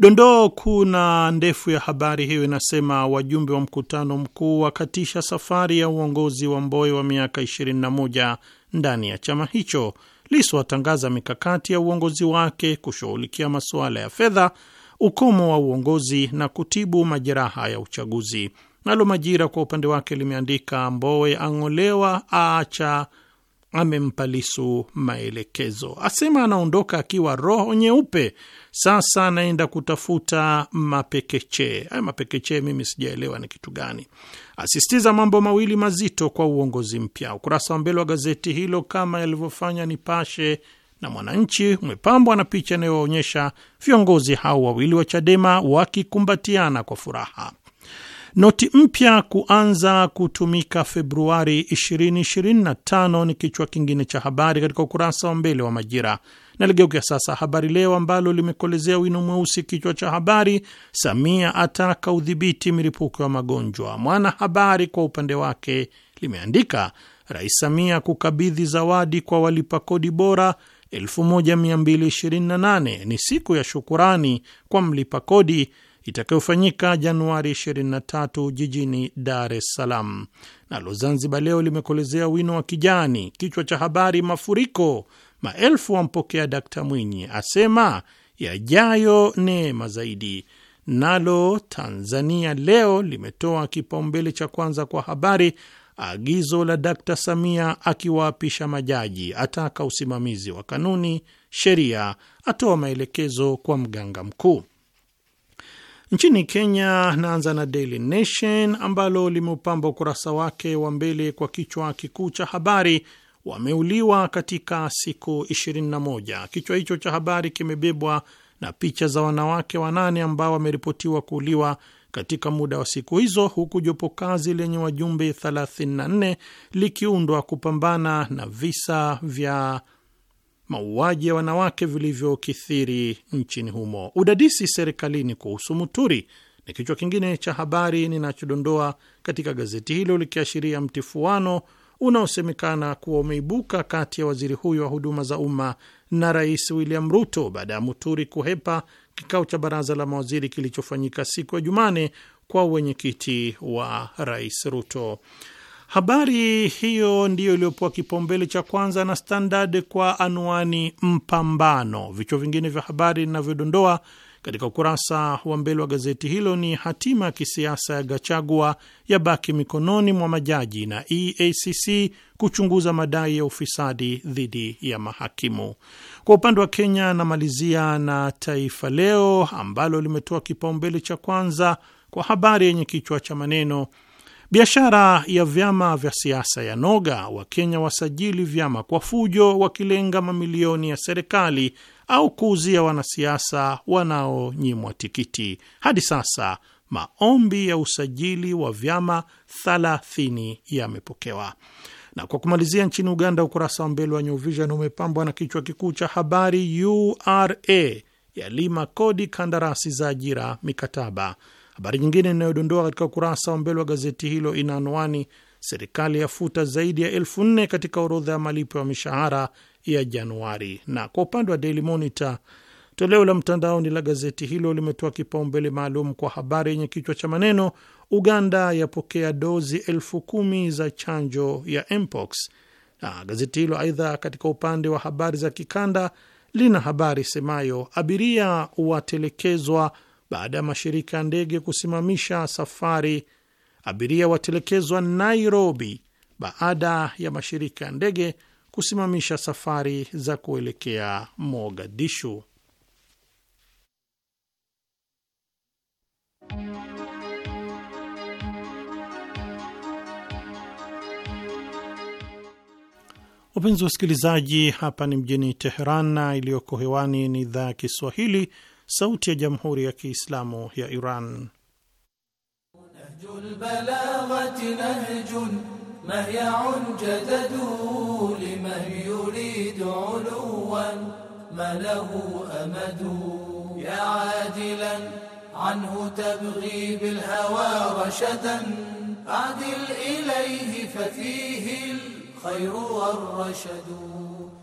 Dondoo kuu na ndefu ya habari hiyo inasema wajumbe wa mkutano mkuu wakatisha safari ya uongozi wa Mbowe wa miaka 21 ndani ya chama hicho. Lissu atangaza mikakati ya uongozi wake kushughulikia masuala ya fedha, ukomo wa uongozi na kutibu majeraha ya uchaguzi. Nalo Majira kwa upande wake limeandika Mbowe ang'olewa, aacha amempa Lisu maelekezo, asema anaondoka akiwa roho nyeupe, sasa anaenda kutafuta mapekechee. Haya mapekechee mimi sijaelewa ni kitu gani. Asisitiza mambo mawili mazito kwa uongozi mpya. Ukurasa wa mbele wa gazeti hilo kama yalivyofanya Nipashe na Mwananchi umepambwa na picha inayowaonyesha viongozi hao wawili wa Chadema wakikumbatiana kwa furaha. Noti mpya kuanza kutumika Februari 2025 ni kichwa kingine cha habari katika ukurasa wa mbele wa Majira. Naligeukia sasa Habari Leo ambalo limekolezea wino mweusi kichwa cha habari, Samia ataka udhibiti milipuko ya magonjwa. Mwanahabari kwa upande wake limeandika Rais Samia kukabidhi zawadi kwa walipa kodi bora 1228 ni siku ya shukurani kwa mlipa kodi itakayofanyika Januari 23 jijini Dar es Salaam. Nalo Zanzibar Leo limekolezea wino wa kijani kichwa cha habari, mafuriko maelfu wampokea d Mwinyi, asema yajayo neema zaidi. Nalo Tanzania Leo limetoa kipaumbele cha kwanza kwa habari agizo la d Samia akiwaapisha majaji, ataka usimamizi wa kanuni sheria, atoa maelekezo kwa mganga mkuu. Nchini Kenya, naanza na Daily Nation ambalo limeupamba ukurasa wake wa mbele kwa kichwa kikuu cha habari wameuliwa katika siku 21. Kichwa hicho cha habari kimebebwa na picha za wanawake wanane ambao wameripotiwa kuuliwa katika muda wa siku hizo, huku jopo kazi lenye wajumbe 34 likiundwa kupambana na visa vya mauaji ya wanawake vilivyokithiri nchini humo, udadisi serikalini kuhusu Muturi ni kichwa kingine cha habari ninachodondoa katika gazeti hilo, likiashiria mtifuano unaosemekana kuwa umeibuka kati ya waziri huyo wa huduma za umma na Rais William Ruto baada ya Muturi kuhepa kikao cha baraza la mawaziri kilichofanyika siku ya Jumane kwa uwenyekiti wa Rais Ruto. Habari hiyo ndiyo iliyopewa kipaumbele cha kwanza na Standard kwa anwani mpambano. Vichwa vingine vya habari ninavyodondoa katika ukurasa wa mbele wa gazeti hilo ni hatima ya kisiasa ya Gachagua baki mikononi mwa majaji na EACC kuchunguza madai ya ufisadi dhidi ya mahakimu. Kwa upande wa Kenya, anamalizia na Taifa Leo ambalo limetoa kipaumbele cha kwanza kwa habari yenye kichwa cha maneno Biashara ya vyama vya siasa ya noga, Wakenya wasajili vyama kwa fujo, wakilenga mamilioni ya serikali au kuuzia wanasiasa wanaonyimwa tikiti. Hadi sasa maombi ya usajili wa vyama 30 yamepokewa. Na kwa kumalizia, nchini Uganda, ukurasa wa mbele wa New Vision umepambwa na kichwa kikuu cha habari, URA yalima kodi kandarasi za ajira mikataba Habari nyingine inayodondoa katika ukurasa wa mbele wa gazeti hilo ina anwani serikali yafuta zaidi ya elfu nne katika orodha ya malipo ya mishahara ya Januari. Na kwa upande wa Daily Monitor, toleo la mtandaoni la gazeti hilo limetoa kipaumbele maalum kwa habari yenye kichwa cha maneno Uganda yapokea dozi elfu kumi za chanjo ya mpox. Na gazeti hilo aidha, katika upande wa habari za kikanda, lina habari semayo abiria watelekezwa baada ya mashirika ya ndege kusimamisha safari, abiria watelekezwa Nairobi baada ya mashirika ya ndege kusimamisha safari za kuelekea Mogadishu. Wapenzi usikilizaji, hapa ni mjini Teheran na iliyoko hewani ni idhaa ya Kiswahili sauti ya jamhuri ya Kiislamu ya Iran.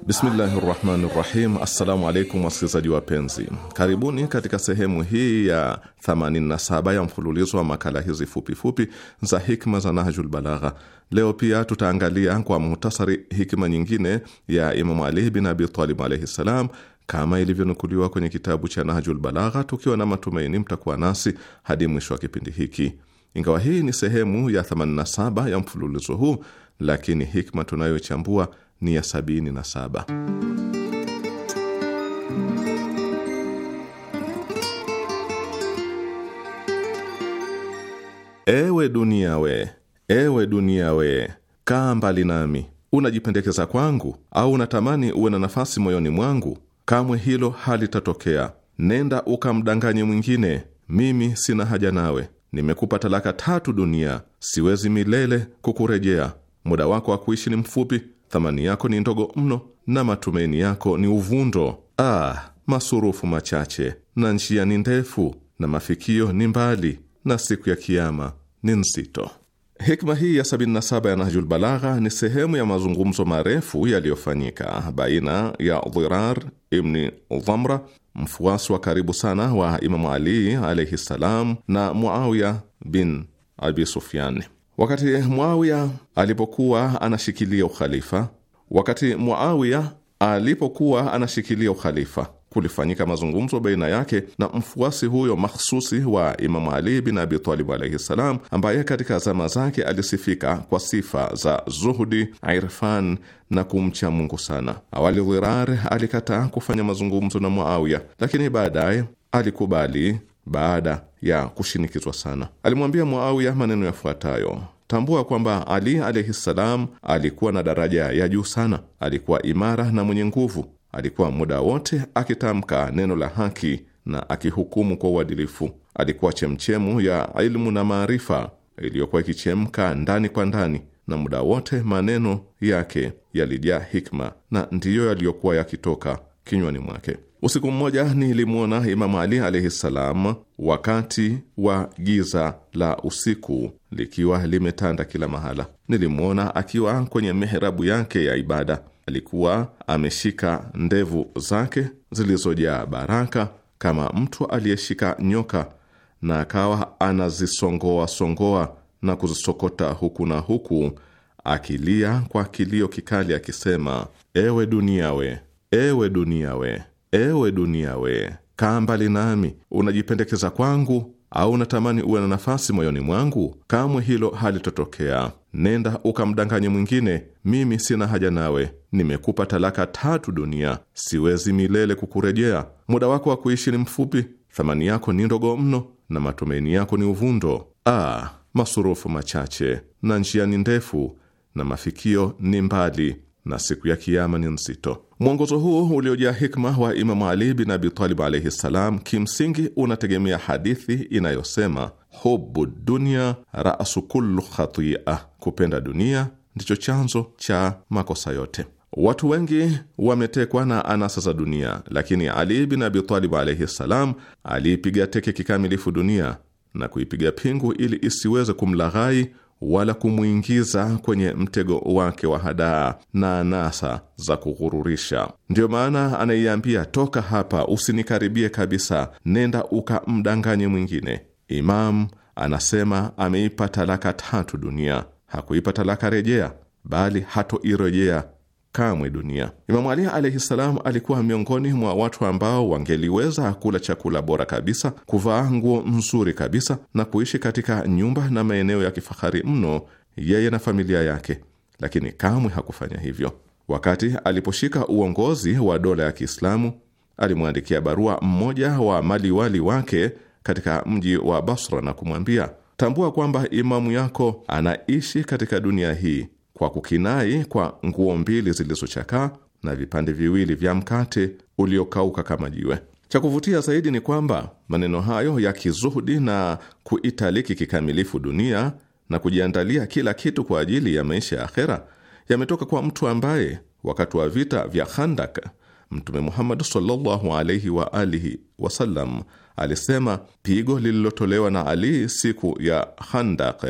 Bismillahi rahmani rahim. Assalamu alaikum wasikilizaji wapenzi, karibuni katika sehemu hii ya 87 ya mfululizo wa makala hizi fupifupi za hikma za Nahjul Balagha. Leo pia tutaangalia kwa muhtasari hikma nyingine ya Imamu Ali bin Abi Talib alaihi ssalam kama ilivyonukuliwa kwenye kitabu cha Nahjul Balagha, tukiwa na matumaini mtakuwa nasi hadi mwisho wa kipindi hiki. Ingawa hii ni sehemu ya 87 ya mfululizo huu, lakini hikma tunayochambua ni ya sabini na saba. Ewe dunia we, ewe dunia we, kaa mbali nami. Unajipendekeza kwangu au unatamani uwe na nafasi moyoni mwangu? Kamwe hilo halitatokea. Nenda ukamdanganye mwingine, mimi sina haja nawe. Nimekupa talaka tatu dunia, siwezi milele kukurejea. Muda wako wa kuishi ni mfupi, thamani yako ni ndogo mno na matumaini yako ni uvundo. Ah, masurufu machache na njia ni ndefu na mafikio ni mbali na siku ya Kiama ni nzito. Hikma hii ya 77 ya Nahjul Balagha ni sehemu ya mazungumzo marefu yaliyofanyika baina ya Dhirar ibni Dhamra, mfuasi wa karibu sana wa Imamu Ali alaihi ssalam, na Muawiya bin Abi Sufyan. Wakati Muawiya alipokuwa anashikilia ukhalifa, wakati Muawiya alipokuwa anashikilia ukhalifa, kulifanyika mazungumzo baina yake na mfuasi huyo makhususi wa Imamu Ali bin Abi Talib alaihi ssalam, ambaye katika zama zake alisifika kwa sifa za zuhudi, irfan na kumcha Mungu sana. Awali Dhirar alikataa kufanya mazungumzo na Muawiya, lakini baadaye alikubali baada ya kushinikizwa sana. Alimwambia Muawiya maneno yafuatayo: Tambua kwamba Ali alaihi ssalam alikuwa na daraja ya juu sana. Alikuwa imara na mwenye nguvu. Alikuwa muda wote akitamka neno la haki na akihukumu kwa uadilifu. Alikuwa chemchemu ya ilmu na maarifa iliyokuwa ikichemka ndani kwa ndani, na muda wote maneno yake yalijaa hikma na ndiyo yaliyokuwa yakitoka kinywani mwake. Usiku mmoja nilimwona Imamu Ali alaihi ssalam wakati wa giza la usiku likiwa limetanda kila mahala. Nilimwona akiwa kwenye mihrabu yake ya ibada, alikuwa ameshika ndevu zake zilizojaa baraka kama mtu aliyeshika nyoka, na akawa anazisongoa songoa na kuzisokota huku na huku, akilia kwa kilio kikali akisema: ewe dunia we, ewe dunia we Ewe dunia we, kaa mbali nami, unajipendekeza kwangu au unatamani uwe na nafasi moyoni mwangu? Kamwe hilo halitotokea. Nenda ukamdanganye mwingine, mimi sina haja nawe. Nimekupa talaka tatu dunia, siwezi milele kukurejea. Muda wako wa kuishi ni mfupi, thamani yako ni ndogo mno, na matumaini yako ni uvundo. Ah, masurufu machache na njia ni ndefu, na mafikio ni mbali na siku ya Kiama ni nzito. Mwongozo huu uliojaa hikma wa Imamu Ali bin Talib alaihi ssalam, kimsingi unategemea hadithi inayosema hubu dunia rasu kullu khatia, kupenda dunia ndicho chanzo cha makosa yote. Watu wengi wametekwa na anasa za dunia, lakini Ali bin Abitalib alaihi ssalam aliipiga teke kikamilifu dunia na kuipiga pingu ili isiweze kumlaghai wala kumwingiza kwenye mtego wake wa hadaa na anasa za kughururisha. Ndiyo maana anaiambia, toka hapa, usinikaribie kabisa, nenda ukamdanganye mwingine. Imamu anasema ameipa talaka tatu dunia, hakuipa talaka rejea, bali hatoirejea kamwe dunia. Imamu Ali alaihi salam alikuwa miongoni mwa watu ambao wangeliweza kula chakula bora kabisa, kuvaa nguo nzuri kabisa, na kuishi katika nyumba na maeneo ya kifahari mno, yeye na familia yake, lakini kamwe hakufanya hivyo. Wakati aliposhika uongozi wa dola ya Kiislamu, alimwandikia barua mmoja wa maliwali wake katika mji wa Basra na kumwambia, tambua kwamba imamu yako anaishi katika dunia hii kwa kukinai kwa nguo mbili zilizochakaa na vipande viwili vya mkate uliokauka kama jiwe. Cha kuvutia zaidi ni kwamba maneno hayo ya kizuhudi na kuitaliki kikamilifu dunia na kujiandalia kila kitu kwa ajili ya maisha ya akhera yametoka kwa mtu ambaye wakati wa vita vya Khandak Mtume Muhammad sallallahu alaihi wa alihi wasallam alisema pigo lililotolewa na Ali siku ya handak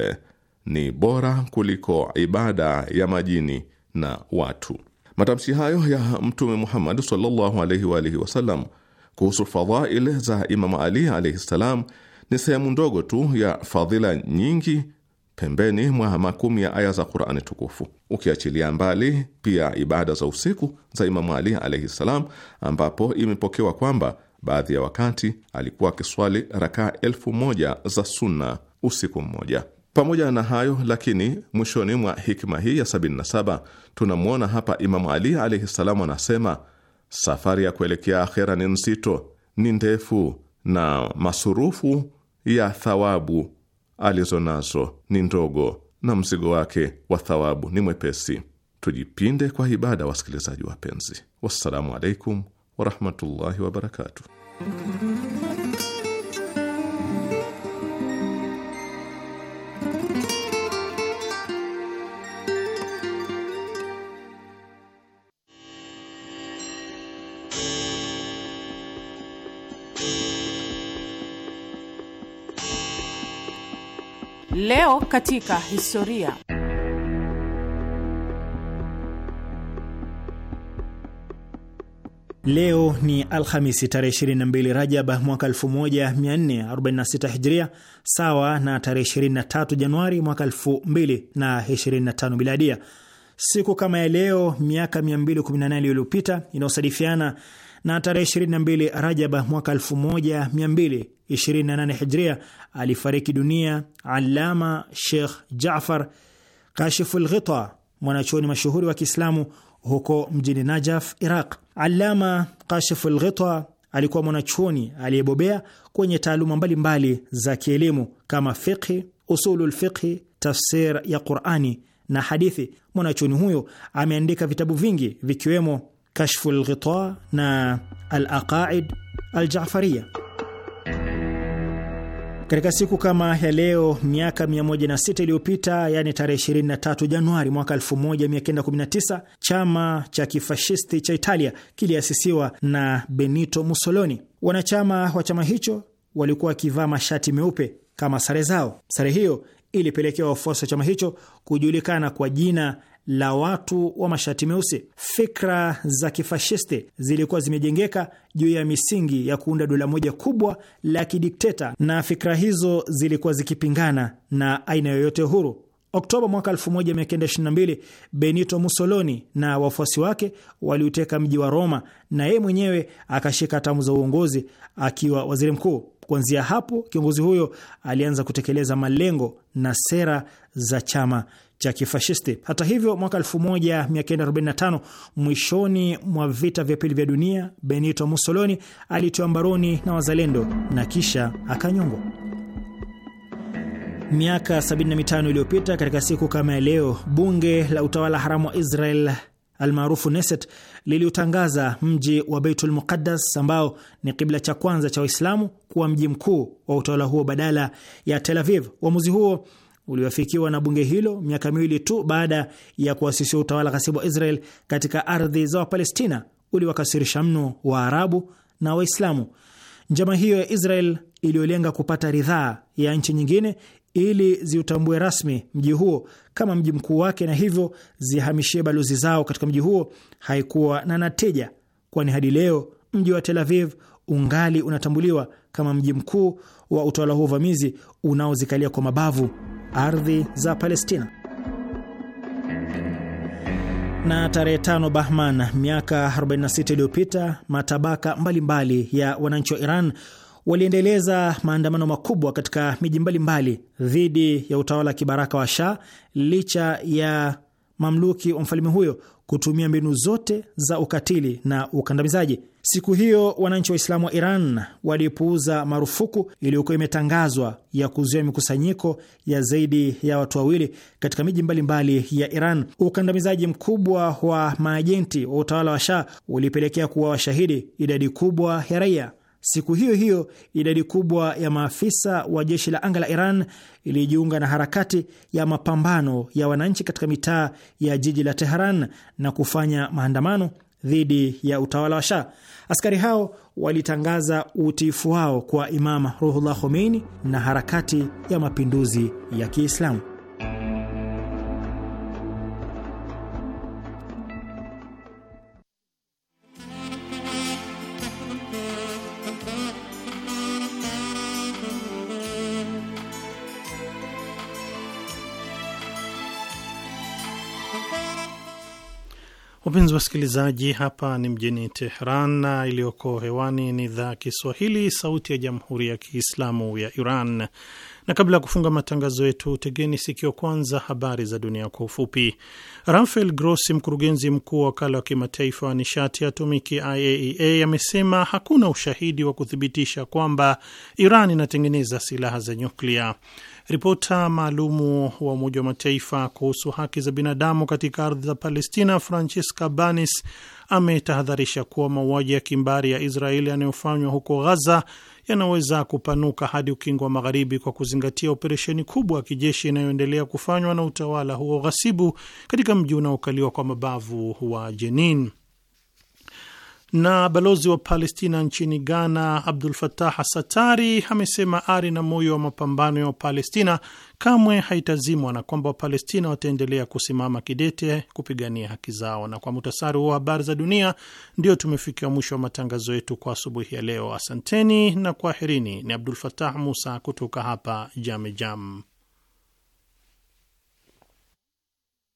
ni bora kuliko ibada ya majini na watu. Matamshi hayo ya Mtume Muhammad sallallahu alaihi wa alihi wasallam kuhusu fadhail za Imamu Ali alaihi ssalam ni sehemu ndogo tu ya fadhila nyingi pembeni mwa makumi ya aya za Qur'ani tukufu, ukiachilia mbali pia ibada za usiku za Imamu Ali alaihi ssalam, ambapo imepokewa kwamba baadhi ya wakati alikuwa akiswali rakaa elfu moja za sunna usiku mmoja. Pamoja na hayo lakini, mwishoni mwa hikma hii ya 77 tunamwona hapa Imamu Ali alaihi salamu anasema, safari ya kuelekea akhera ni nzito, ni ndefu na masurufu ya thawabu alizo nazo ni ndogo, na mzigo wake wa thawabu ni mwepesi. Tujipinde kwa ibada, wasikilizaji wapenzi. Wassalamu alaikum warahmatullahi wabarakatuh. Leo katika historia. Leo ni Alhamisi tarehe 22 Rajab mwaka 1446 Hijria, sawa na tarehe 23 Januari mwaka 2025 Miladia. Siku kama ya leo miaka 218 iliyopita inayosadifiana na tarehe 22 Rajaba mwaka 1228 Hijria alifariki dunia Alama Sheikh Jafar Kashiful Ghita, mwanachuoni mashuhuri wa Kiislamu huko mjini Najaf, Iraq. Alama Kashiful Ghita alikuwa mwanachuoni aliyebobea kwenye taaluma mbalimbali za kielimu kama fiqhi, usulul fiqhi, tafsir ya Qurani na hadithi. Mwanachuoni huyo ameandika vitabu vingi vikiwemo Kashfu Lghita na Alaqaid Aljafaria. Katika siku kama ya leo miaka 106 iliyopita, yani tarehe 23 Januari mwaka 1919, chama cha kifashisti cha Italia kiliasisiwa na Benito Mussolini. Wanachama wa chama hicho walikuwa wakivaa mashati meupe kama sare zao. Sare hiyo ilipelekea wafuasi wa chama hicho kujulikana kwa jina la watu wa mashati meusi. Fikra za kifashisti zilikuwa zimejengeka juu ya misingi ya kuunda dola moja kubwa la kidikteta, na fikra hizo zilikuwa zikipingana na aina yoyote huru. Oktoba mwaka 1922 Benito Mussolini na wafuasi wake waliuteka mji wa Roma na yeye mwenyewe akashika hatamu za uongozi akiwa waziri mkuu. Kuanzia hapo, kiongozi huyo alianza kutekeleza malengo na sera za chama cha kifashisti. Hata hivyo, mwaka 1945 mwishoni mwa vita vya pili vya dunia, Benito Mussolini alitiwa mbaroni na wazalendo na kisha akanyongwa. Miaka 75 iliyopita katika siku kama ya leo, bunge la utawala haramu wa Israel almaarufu Neset liliutangaza mji wa Beitul Muqaddas ambao ni kibla cha kwanza cha Waislamu kuwa mji mkuu wa utawala huo badala ya Tel Aviv. Uamuzi huo uliofikiwa na bunge hilo miaka miwili tu baada ya kuasisiwa utawala ghasibu wa Israel katika ardhi za Wapalestina uliwakasirisha mno Waarabu na Waislamu. Njama hiyo ya Israel iliyolenga kupata ridhaa ya nchi nyingine ili ziutambue rasmi mji huo kama mji mkuu wake na hivyo zihamishie balozi zao katika mji huo haikuwa na natija, kwani hadi leo mji wa Tel Aviv ungali unatambuliwa kama mji mkuu wa utawala huo uvamizi unaozikalia kwa mabavu ardhi za Palestina. Na tarehe tano Bahman miaka 46 iliyopita, matabaka mbalimbali mbali ya wananchi wa Iran waliendeleza maandamano makubwa katika miji mbalimbali dhidi ya utawala wa kibaraka wa Shah licha ya mamluki wa mfalme huyo kutumia mbinu zote za ukatili na ukandamizaji. Siku hiyo wananchi Waislamu wa Iran walipuuza marufuku iliyokuwa imetangazwa ya kuzuia mikusanyiko ya zaidi ya watu wawili katika miji mbalimbali ya Iran. Ukandamizaji mkubwa wa maajenti wa utawala wa Shah ulipelekea kuwa washahidi idadi kubwa ya raia. Siku hiyo hiyo idadi kubwa ya maafisa wa jeshi la anga la Iran ilijiunga na harakati ya mapambano ya wananchi katika mitaa ya jiji la Teheran na kufanya maandamano dhidi ya utawala wa Shah. Askari hao walitangaza utiifu wao kwa Imam Ruhullah Khomeini na harakati ya mapinduzi ya Kiislamu. Wapenzi wasikilizaji, hapa ni mjini Teheran na iliyoko hewani ni idhaa ya Kiswahili, Sauti ya Jamhuri ya Kiislamu ya Iran. Na kabla ya kufunga matangazo yetu, tegeni sikio kwanza habari za dunia kwa ufupi. Rafael Grossi, mkurugenzi mkuu wa wakala wa kimataifa wa nishati atomiki IAEA, e amesema hakuna ushahidi wa kuthibitisha kwamba Iran inatengeneza silaha za nyuklia. Ripota maalumu wa Umoja wa Mataifa kuhusu haki za binadamu katika ardhi za Palestina, Francesca Banis, ametahadharisha kuwa mauaji ya kimbari ya Israeli yanayofanywa huko Ghaza yanaweza kupanuka hadi ukingo wa Magharibi kwa kuzingatia operesheni kubwa ya kijeshi inayoendelea kufanywa na utawala huo ghasibu katika mji unaokaliwa kwa mabavu wa Jenin. Na balozi wa Palestina nchini Ghana Abdul Fatah Asatari amesema ari na moyo wa mapambano ya Wapalestina kamwe haitazimwa na kwamba Wapalestina wataendelea kusimama kidete kupigania haki zao. Na kwa mutasari huo wa habari za dunia, ndio tumefikia mwisho wa matangazo yetu kwa asubuhi ya leo. Asanteni na kwaherini. Ni Abdul Fatah Musa kutoka hapa Jamejam,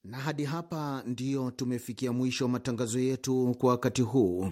na hadi hapa ndio tumefikia mwisho wa matangazo yetu kwa wakati huu.